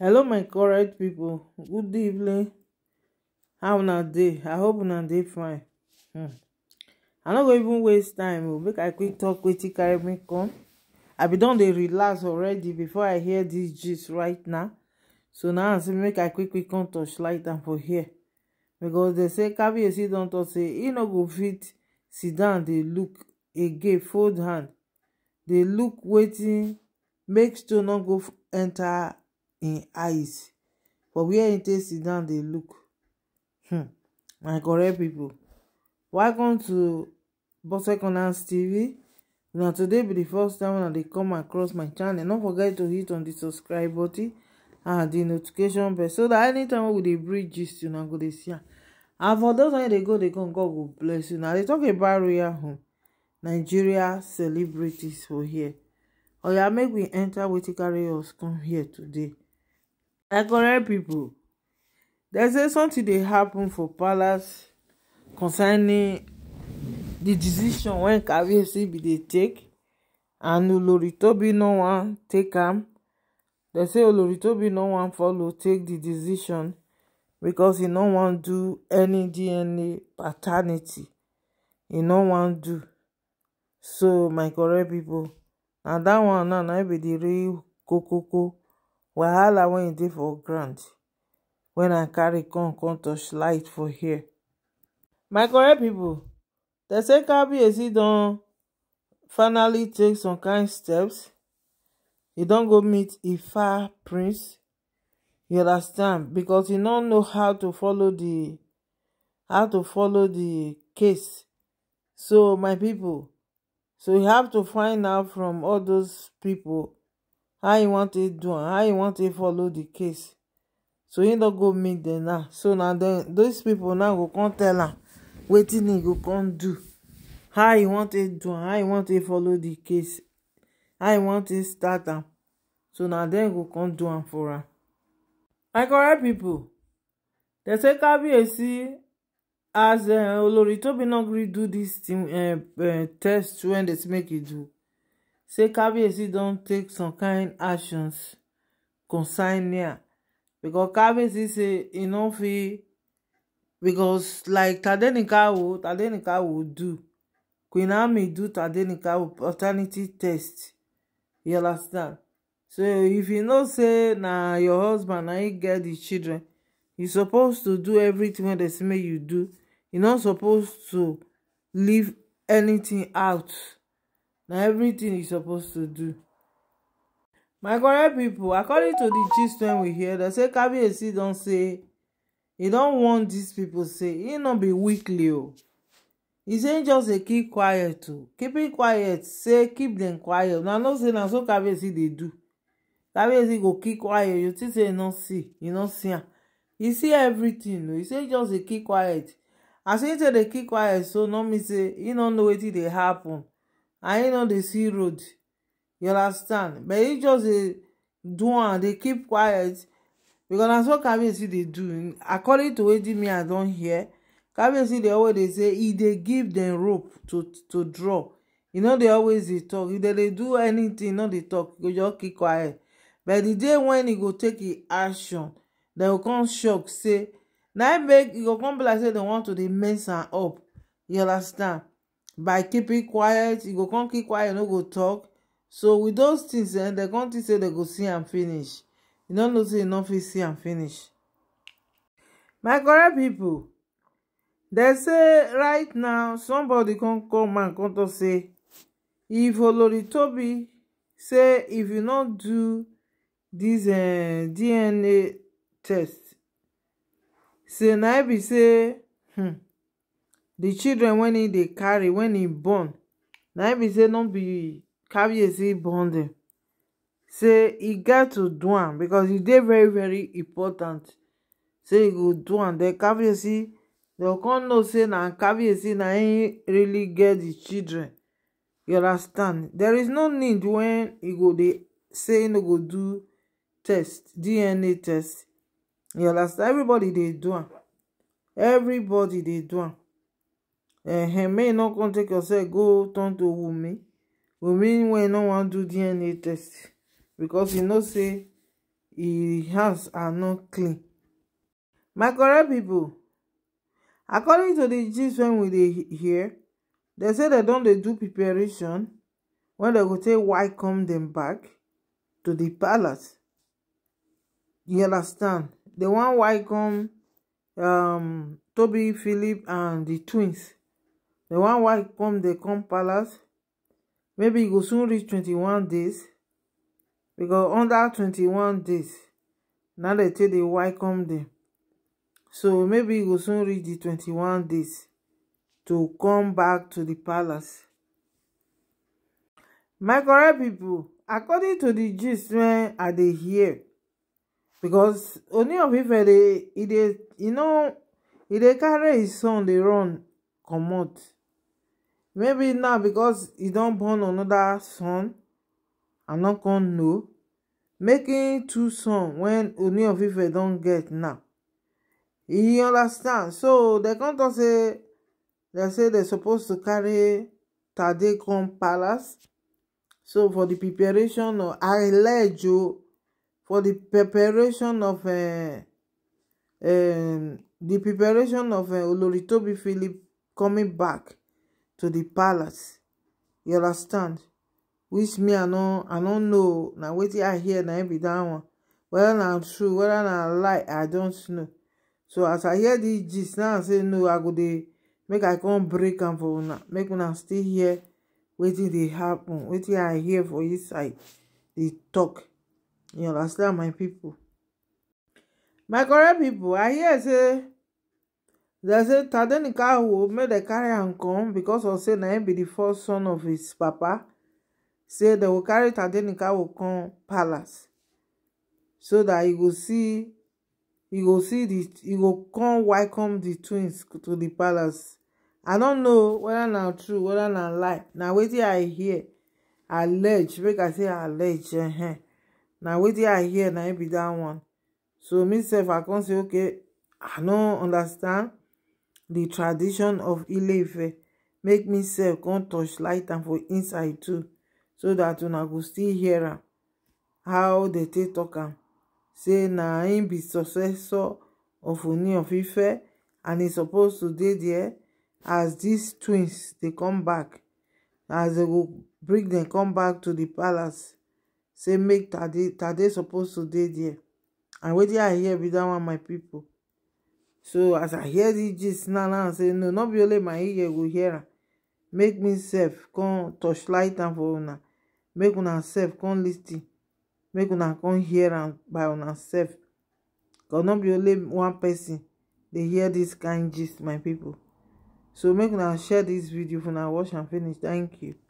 hello my correct people. good evening how una dey i hope una dey fine hmm i no go even waste time o oh. make i quick talk wetin carry me come i be don dey relax already before i hear this gist right now so now i say make i quick quick come touch light am for here because they say kabiyesi don talk say e no go fit sit down. dey look again fold hand dey look wetin make stone no go enter im eyes for where im take sit down dey look hmm my correct pipo welcome to bose corners tv na today be the first time una dey come across my channel no forget to hit on the subscribe button and the notification bell so dat anytime we dey bring gist una go dey see am and for those wey dey go dey come god go bless you na dey talk about royal home nigeria celebrities for here oya make we enter wetin carry us come here today my correct people, they say something they happen for palace concerning the decision when kabiyesi bin dey take and Oloritobi no one take him. They say Oloritobi tobi no wan follow take the decision because he no wan do any dna paternity He no wan do so my correct people, na that one now na e be the real koko wahala wen e dey for ground when i carry come come touch light for here my correct pipo dem say kabiyesi don finally take some kind steps e don go meet ifa prince you understand because e no know how to follow the how to follow the case so my people, so you have to find out from all those people how e wan take do am how e wan take follow the case so he don't go meet them now so now then, those people now go come tell her. What e go come do how e wan take do am how e wan take follow the case how e wan take start am so now then go come do am for her. my correct people. They say kabiyesi as eh, olori tobi not gree do this dis eh, eh, test when they make it do say kabiyesi don take some kind actions concerning am because kabiyesi say e no fit because like tadenikawo tadenikawo do queen naomi do tadenikawo paternity test you understand so if you know say na your husband na him get the children you suppose to do everything wey dem say make you do you no suppose to leave anything out na everything you supposed to do my correct people, according to the gist when we hear they say kabiyesi don't say He don't want these people say He not be weakly Oh, he say just dey keep quiet keep it quiet say keep them quiet Now, not say na so kabiyesi they do kabiyesi go keep quiet you think say e no see You not see He see everything He say just dey keep quiet as e say they keep quiet so no me say he no know wetin dey happen i know dey see road you understand but you just dey do am dey keep quiet because na so kabiyesi dey do according to wetin me i don't hear see dey always they say if they give them rope to to draw you know they always dey talk if they dey do anything no they talk You just keep quiet but the day when you go take the action they go come shock say now, im make e go come be like say dem want to dey mess up you understand by keeping quiet you go come keep quiet you no go talk so with those things they eh, come think say dem go see am finish you no know say you no fit see am finish my correct people, dem say right now somebody come come man come talk say if Toby say if you no do dis eh, dna test say na be say hmm The children when he they carry when he born na be say no be carry caviarcy born them. say he get to do am becos e dey very very important say he go do they carry caviarcy they come know say na caviarcy na he really get the children you understand there is no need when he go they say no go do test dna test you understand everybody they do am everybody they do am uh, may not come take yourself go turn to Wunmi Wunmi when no wan do DNA test because he know say his hands are not clean my correct people, according to the gist when we dey hear they say they don't they do preparation when they go why come them back to the palace you understand the one why come, um toby philip and the twins The one why come dey come palace maybe e go soon reach 21 days because under 21 days now they tell the why come dem so maybe e go soon reach the 21 days to come back to the palace my correct people, according to the gist when are they here? because only of if they, they, e you know if e dey carry his son dey run come out maybe now because he don't born another son I'm not gonna know making two son when only of ife don't get now he understand so dem come tok say they say dem suppose to carry tade come palace so for the preparation of you oh, for the preparation of uh, um, the preparation of eh, oloritobi philip coming back to the palace you understand which me i no i don't know na wetin i hear now every dat one whether I'm true whether na lie i don't know so as i hear dis gist now i say no i go dey make i come break and for una make I still here waiting they happen wetin i hear for this inside they talk you understand my people. my correct people, i hear say dem say tadenikawo make dem carry am come becos of say na im be di first son of his papa say dem go carry tadenikawo come palace so that he go see he go see the he go come welcome the twins to the palace i don't know whether na true whether na lie na wetin i hear allege make i say allege eh na wetin i hear na im be dat one so me sef i come say okay i no understand The tradition of ileife make me sef come touch light and for inside too so that una go still hear am how dey take tok am say na im be successor of oni of ife and he's supposed to dey there as these twins they come back as they will bring them come back to the palace say make tade supposed to dey there and wetin i hear be dat one my people." so as i hear this, gist now now say no not be only my ear go hear make me sef come light and for una make una self come listen, ten make una come hear and by una sef cause no be only one person They hear this kind gist my people. so make una share this video for una watch and finish thank you